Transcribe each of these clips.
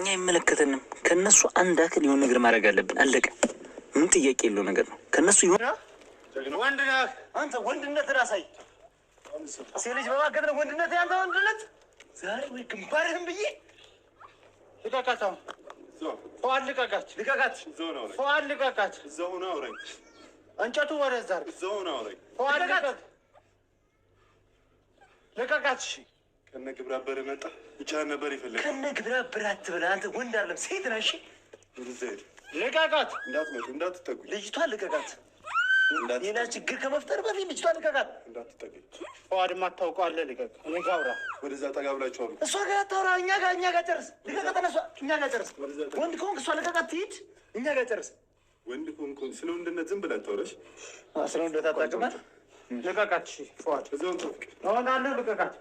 እኛ አይመለከተንም። ከእነሱ አንድ አክል የሆነ ነገር ማድረግ አለብን። አለቀ። ምን ጥያቄ የለው ነገር ነው። ከእነሱ ይሆን ወንድ አንተ ወንድነት ራሳይ ሴ ልጅ በማገት ነው ወንድነት ያንተ ወንድነት ዛሬ ወይ ግንባርህን ብዬ ልቀቃት። አሁን ፈዋድ ልቀቃት፣ ልቀቃት፣ ፈዋድ ልቀቃት። እንጨቱ ወደ ዛር ፈዋድ ልቀቃት፣ ልቀቃት ከነ ግብረ አበር መጣ ብቻ ነበር ይፈለግ ከነ ግብረ አበር አትበላ አንተ ወንድ አለም ሴት ነሽ። ልቀቃት፣ እንዳትመጡ፣ እንዳትጠጉኝ። ልጅቷ ልቀቃት። ሌላ ችግር ከመፍጠር በፊት ልጅቷ ልቀቃት፣ እንዳትጠጉኝ። ፈዋድ ማታውቀው አለ ልቀቅ። እኔ ጋር አውራ፣ ወደዛ ጠጋ ብላችሁ አሉ። እሷ ጋር አታውራ፣ እኛ ጋር እኛ ጋር ጨርስ። ልቀቃት፣ እሷ እኛ ጋር ጨርስ። ወንድ ከሆንክ እሷ ልቀቃት፣ ትሂድ፣ እኛ ጋር ጨርስ። ወንድ ከሆንክ ስለ ወንድነት ዝም ብላ ታውራሽ፣ ስለ ወንድነት አታውቅም ልቀቃት ፏድ እሆናለሁ። ልቀቃት፣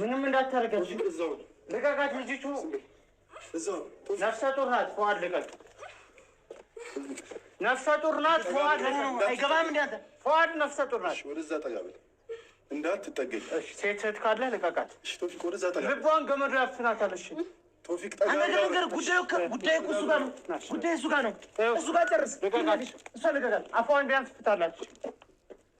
ምንም እንዳታረጋት። ልቀቃት፣ ልጅቱ ነፍሰ ጡር ናት። ፏድ ልቀቅ፣ ነፍሰ ጡር ናት። ፏድ አይገባም። እንደ ፏድ ነፍሰ ጡር ናት። እንዳትጠገኝ ሴት ሴት ካለ ልቀቃት። ልቧን ገመዱ ያፍናታለሽ። ነገር ጉዳዩ ጉዳዩ እሱ ጋር ነው። ጉዳዩ እሱ ጋር ነው። እሱ ጋር ጨርስ። ልቀቃት፣ እሷ ልቀቃት። አፏን ቢያንስ ፍታላችሁ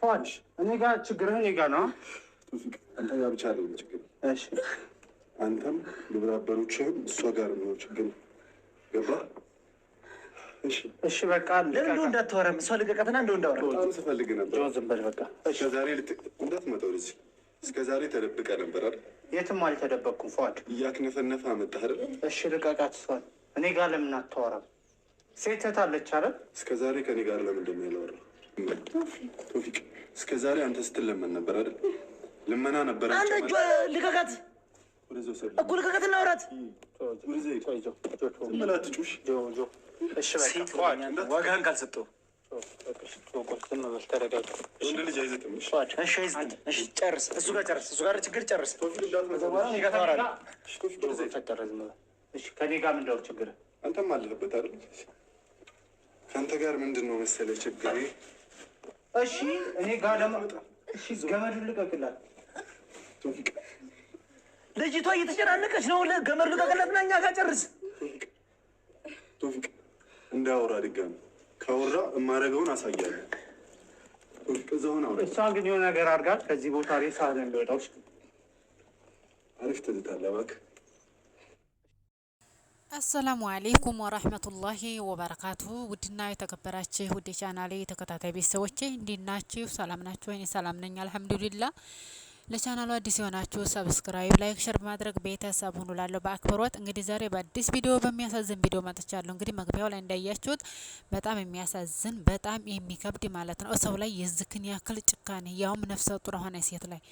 ፏሽ እኔ ጋር ችግርህ እኔ ጋር ነው። አንተ ጋር ብቻ አይደለም ችግር። እሺ አንተም ግብረ እሷ ጋር ነው ችግር። ገባ? እሺ በቃ ለምን እንዳታወራም እሷ ልቀቀትና እንደው እንዳወራ በጣም ስፈልግ ነበር። ዝም በል በቃ። እሺ ዛሬ እንዳትመጣው ልጅ እስከ ዛሬ ተደብቀ ነበር አይደል? የትም አልተደበቅኩም። ፏድ እያክነፈነፈ አመጣህ አይደል? እሺ ልቀቃት። እሷን እኔ ጋር ለምን አታወራም? ሴት እህት አለች አይደል? እስከ ዛሬ ከእኔ ጋር ለምንድን ነው ያላወራህ? ቶፊቅ እስከ ዛሬ አንተ ስትለመን ነበር አይደል? ልመና ነበር። አንተ እጇ ልቀቀት እኮ ልቀቀት፣ እናውራት። ዋጋህን ካልሰጠው እሱ ጋር ጨርስ፣ እሱ ጋር ችግር ጨርስ። ከኔ ጋር ምንድን ችግር? አንተም አለህበት አይደል? ከአንተ ጋር ምንድን ነው መሰለህ ችግር እሺ እኔ ጋር ለማ እሺ፣ ልቀቅላት። ልጅቷ እየተጨናነቀች ነው። ልቀቅላት ልቀቅላትና እኛ ጋር ጨርስ። ቶፊቅ እንዳወራ ድጋሚ ካወራ የማደርገውን አሳያለሁ። እሷ ግን የሆነ ነገር አድርጋት ከዚህ ቦታ ሬሳ እንደወጣው። አሪፍ ትዝታለህ እባክህ አሰላሙ አሌይኩም ወራህመቱላሂ ወበረካቱ ውድና የተከበራችሁ ውድ ቻናሌ ተከታታይ ቤተሰቦቼ እንዴት ናችሁ? ሰላም ናችሁ? እኔ ሰላም ነኝ አልሐምዱሊላ። ለቻናሉ አዲስ የሆናችሁ ሰብስክራይብ፣ ላይክ፣ ሸር በማድረግ ቤተሰብ ሁኑ ላለሁ በአክብሮት እንግዲህ ዛሬ በአዲስ ቪዲዮ በሚያሳዝን ቪዲዮ መጥቻለሁ። እንግዲህ መግቢያው ላይ እንዳያችሁት በጣም የሚያሳዝን በጣም የሚከብድ ማለት ነው ሰው ላይ የዝክን ያክል ጭካኔ ያውም ነፍሰ ጡር ሆነ ሴት ላይ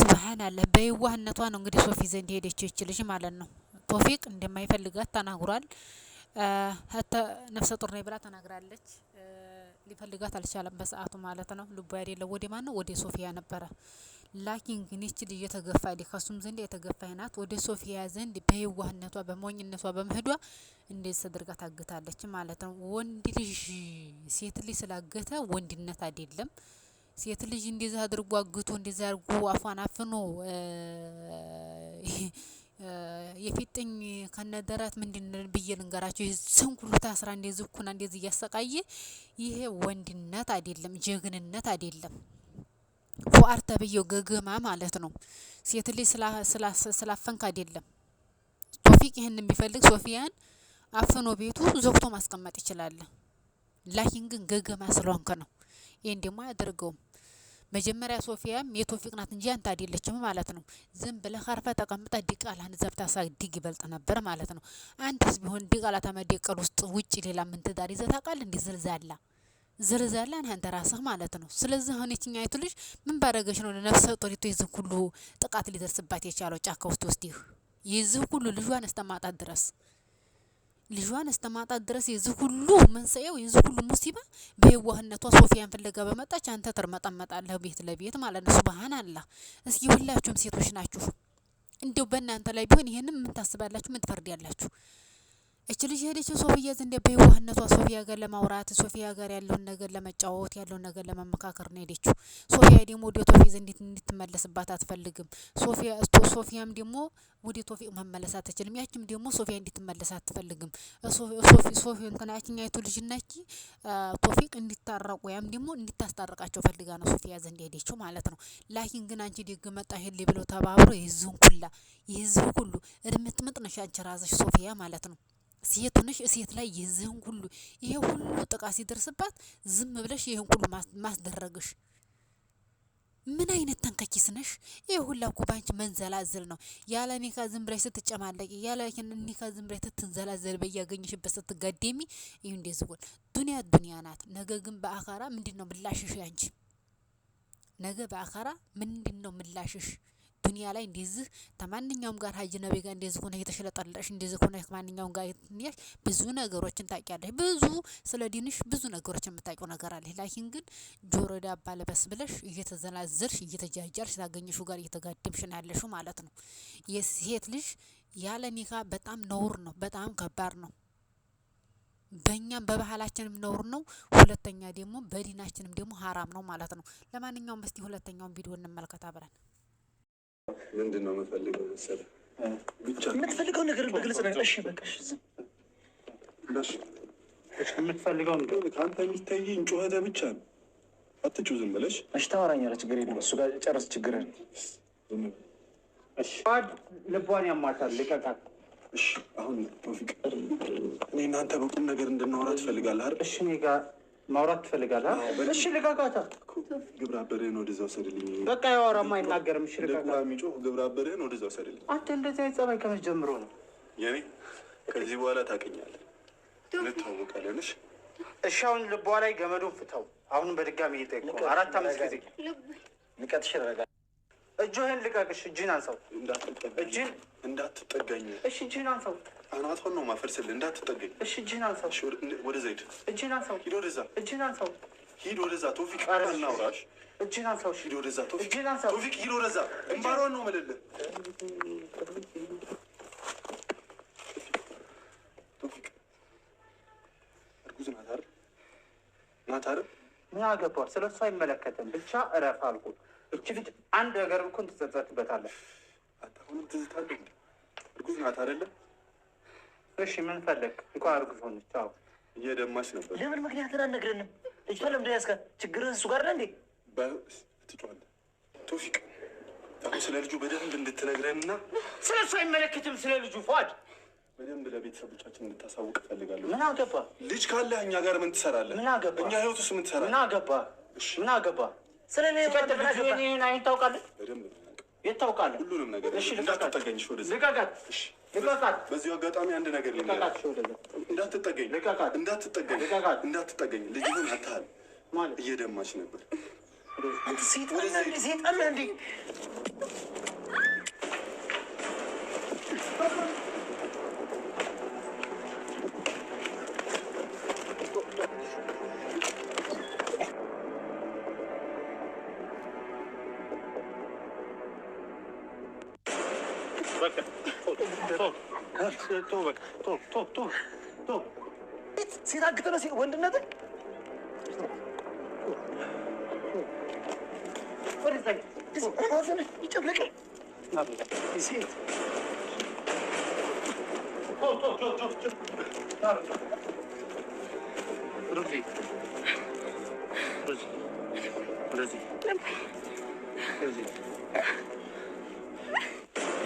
ስብሀን አለ በይዋህነቷ ነው እንግዲህ ሶፊ ዘንድ ሄደችው ይችልሽ ማለት ነው ቶፊቅ እንደማይፈልጋት ተናግሯል። ነፍሰ ጡር ነኝ ብላ ተናግራለች። ሊፈልጋት አልቻለም በሰዓቱ ማለት ነው። ልቡ ያደለው ወደ ማን ነው? ወደ ሶፊያ ነበረ። ላኪን ግን ይች ልጅ የተገፋ ከሱም ዘንድ የተገፋይ ናት። ወደ ሶፊያ ዘንድ በየዋህነቷ በሞኝነቷ በምህዷ እንደዚህ ተደርጋ ታግታለች ማለት ነው። ወንድ ልጅ ሴት ልጅ ስላገተ ወንድነት አይደለም። ሴት ልጅ እንደዛ አድርጎ አግቶ እንደዛ አድርጎ አፏን አፍኖ የፊጥኝ ከነደረት ምንድን ብዬ ልንገራቸው? ይህን ሁሉ ታስራ እንደዚህ እኩና እንደዚህ እያሰቃየ ይሄ ወንድነት አይደለም፣ ጀግንነት አይደለም። ፉአር ተብዬው ገገማ ማለት ነው። ሴት ልጅ ስላፈንክ አይደለም። ቶፊቅ ይህንን ቢፈልግ ሶፊያን አፍኖ ቤቱ ዘግቶ ማስቀመጥ ይችላል። ላኪን ግን ገገማ ስለሆንክ ነው። ይህን ደግሞ አያደርገውም። መጀመሪያ ሶፊያም የቶፊቅ ናት እንጂ አንተ አይደለችም ማለት ነው። ዝም ብለህ አርፈህ ተቀምጠህ ዲቃላህን ዘብታ ዲግ ይበልጥ ነበር ማለት ነው። አንተስ ቢሆን ዲቃላ ተመደቀል ውስጥ ውጭ ሌላ ምን ትዳር ይዘህ ታውቃለህ? እንዲ ዝልዛላ ዝርዛላ አንተ ራስህ ማለት ነው። ስለዚህ እኔችኛ አይቱ ልጅ ምን ባደረገች ነው ለነፍሰ ጡሪቱ ይዝህ ሁሉ ጥቃት ሊደርስባት የቻለው ጫካ ውስጥ ውስጥ ይህ ይዝህ ሁሉ ልጇን እስተማጣት ድረስ ልጇን እስተማጣት ድረስ የዚህ ሁሉ መንስኤው የዚህ ሁሉ ሙሲባ በየዋህነቷ ሶፊያን ፍለጋ በመጣች አንተ ትርመጠመጣለህ ቤት ለቤት ማለት ነው። ሱብሃን አላህ። እስኪ ሁላችሁም ሴቶች ናችሁ፣ እንዲሁ በእናንተ ላይ ቢሆን ይህንም ምን ታስባላችሁ? ምን ትፈርድ ያላችሁ እች ልጅ ሄደችው ሶፊያ ዘንድ በየዋህነቷ ሶፊያ ጋር ለማውራት ሶፊያ ጋር ያለውን ነገር ለመጫወት ያለውን ነገር ለመመካከር ነው ሄደችው። ሶፊያ ደግሞ ወደ ቶፊ ዘንድ እንድትመለስባት አትፈልግም። ሶፊያ እስቶ ሶፊያም ደግሞ ወደ ቶፊ መመለስ አትችልም። ያችም ደግሞ ሶፊያ እንድትመለስ አትፈልግም። ሶፊ ሶፊ እንትናችን አይቱ ልጅ ናቺ ቶፊቅ እንዲታረቁ ያም ደግሞ እንድታስታርቃቸው ፈልጋ ነው ሶፊያ ዘንድ ሄደችው ማለት ነው። ላኪን ግን አንቺ ደግ መጣ ሄል ብለው ተባብሮ የህዝቡን ኩላ የህዝቡ ሁሉ እድምጥምጥ ነሽ አንቺ ራዘሽ ሶፊያ ማለት ነው። ሴት ነሽ እሴት ላይ የዚህን ሁሉ ይሄ ሁሉ ጥቃት ሲደርስባት ዝም ብለሽ ይህን ሁሉ ማስደረግሽ ምን አይነት ተንከኪስ ነሽ? ይህ ሁላ እኮ ባንቺ መንዘላዘል ነው። ያለ ኒካ ዝም ብለሽ ስትጨማለቂ፣ ያለ ኒካ ዝም ብለሽ ትንዘላዘል፣ በያገኘሽበት ስትጋደሚ፣ ይህ እንዴት ዝጎል ዱኒያ ዱኒያ ናት። ነገ ግን በአካራ ምንድን ነው ምላሽሽ? ያንቺ ነገ በአካራ ምንድን ነው ምላሽሽ? ዱንያ ላይ እንደዚህ ከማንኛውም ጋር ሀጅ ነቢ ጋር እንደዚህ ሆነ የተሽለጠለሽ እንደዚህ ሆነ ከማንኛውም ጋር ብዙ ነገሮችን ታውቂያለሽ። ብዙ ስለ ዲንሽ ብዙ ነገሮች የምታውቂው ነገር አለ። ላኪን ግን ጆሮ ዳባ ልበስ ብለሽ እየተዘናዘርሽ እየተጃጃርሽ ታገኘሹ ጋር እየተጋደምሽ ነው ያለሽው ማለት ነው። የሴት ልጅ ያለ ኒካ በጣም ነውር ነው፣ በጣም ከባድ ነው። በእኛም በባህላችንም ነውር ነው። ሁለተኛ ደግሞ በዲናችንም ደግሞ ሀራም ነው ማለት ነው። ለማንኛውም እስቲ ሁለተኛውን ቪዲዮ እንመልከት አብረን ምንድን ነው የምፈልገው መሰለህ? የምትፈልገው ነገር በግልጽ ነው። እሺ በቃ የምትፈልገው ከአንተ የሚታየኝ ጩኸትህ ብቻ ነው። አትጩህ፣ ዝም ብለሽ እሺ። ታወራኛለህ፣ ችግር የለም። እሱ ጋር ጨርስ ችግርህን። ልቧን ያማታል፣ ልቀቃት። እሺ አሁን ቶፊቅ፣ እኔ እናንተ በቁም ነገር እንድናወራ ትፈልጋለህ አይደል? እሺ እኔ ጋር ማውራት ትፈልጋለህ? እሺ ልጋጋታ ግብረ አበሬን ወደዛ ውሰድልኝ። በቃ ያወራማ አይናገርም። እሺ ልጋጋታ የሚጮህ ግብረ አበሬን ወደዛ ውሰድልኝ። አንተ እንደዚህ አይነት ጸባይ ከመች ጀምሮ ነው የኔ? ከዚህ በኋላ ታውቀኛለህ፣ እንተዋወቃለን። እሺ አሁን ልቧ ላይ ገመዱን ፍተው። አሁንም በድጋሚ እየጠየኩህ አራት አምስት ጊዜ ንቀትሽ ረጋ እጅህን ልቀቅሽ። እጅህን አንሳው እንዳትጠጋኝ። እሺ እጅን አንሳው አናቷን ነው ማፈርስልህ። እንዳትጠገኝ እሺ። እጅህን አንሳው። ወደ ዘይድ እጅን አንሳው። ሂድ ወደዛ። እጅን አንሳው። ሂድ ወደዛ። ቶፊቅ እናውራሽ። እጅህን አንሳው። ሂድ ወደዛ። ቶፊቅ ሂድ ወደዛ። እምባሯን ነው የምልልህ። ቶፊቅ እርጉዝ ናት አይደል? ናት አይደል? ምን አገባህ? ስለ እሱ አይመለከትም። ብቻ እረፍ አልኩህ። እች ልጅ አንድ ነገር እንኳን ትጸጸትበታለህ። አሁንም ትዝታለህ። እርጉዝ ናት አይደለም እሺ ምን ፈለግ? እንኳን አርግ ሆን አዎ እየደማች ነበር። ለምን ምክንያት አልነግረንም? ልጅቷ ለምንድን ያስከ ችግር እሱ ጋር እንዴ? ትጮሃለህ ቶፊቅ። አሁን ስለ ልጁ በደንብ እንድትነግረንና ስለ እሱ አይመለከትም። ስለ ልጁ ፏድ በደንብ ለቤተሰቦቻችን እንድታሳውቅ እፈልጋለሁ። ምን አገባ? ልጅ ካለ እኛ ጋር ምን ትሰራለህ? ምን አገባ? እኛ ህይወት ውስጥ ምን ትሰራለህ? ምን አገባ? ምን አገባ? ስለ ኔ ታውቃለህ? በደንብ የታውቃል ሁሉንም ነገር እሺ፣ እንዳትጠገኝ ወደዚህ ልቀቃት። እሺ፣ ልቀቃት። በዚሁ አጋጣሚ አንድ ነገር እንዳትጠገኝ፣ ልቀቃት፣ እንዳትጠገኝ፣ ልቀቃት፣ እንዳትጠገኝ። ልጅህን አታህል ማለት እየደማች ነበር። ሴጣን እንዴ ሴት አግተህ ነው ወንድነትህ።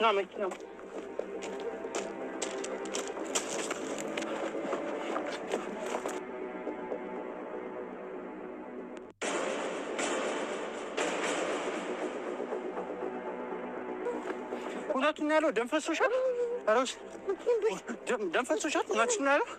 Reklame, genau. ሁለቱን ያለው ደም ፈሶሻል። ኧረ ደም ፈሶሻል። እናችን ያለው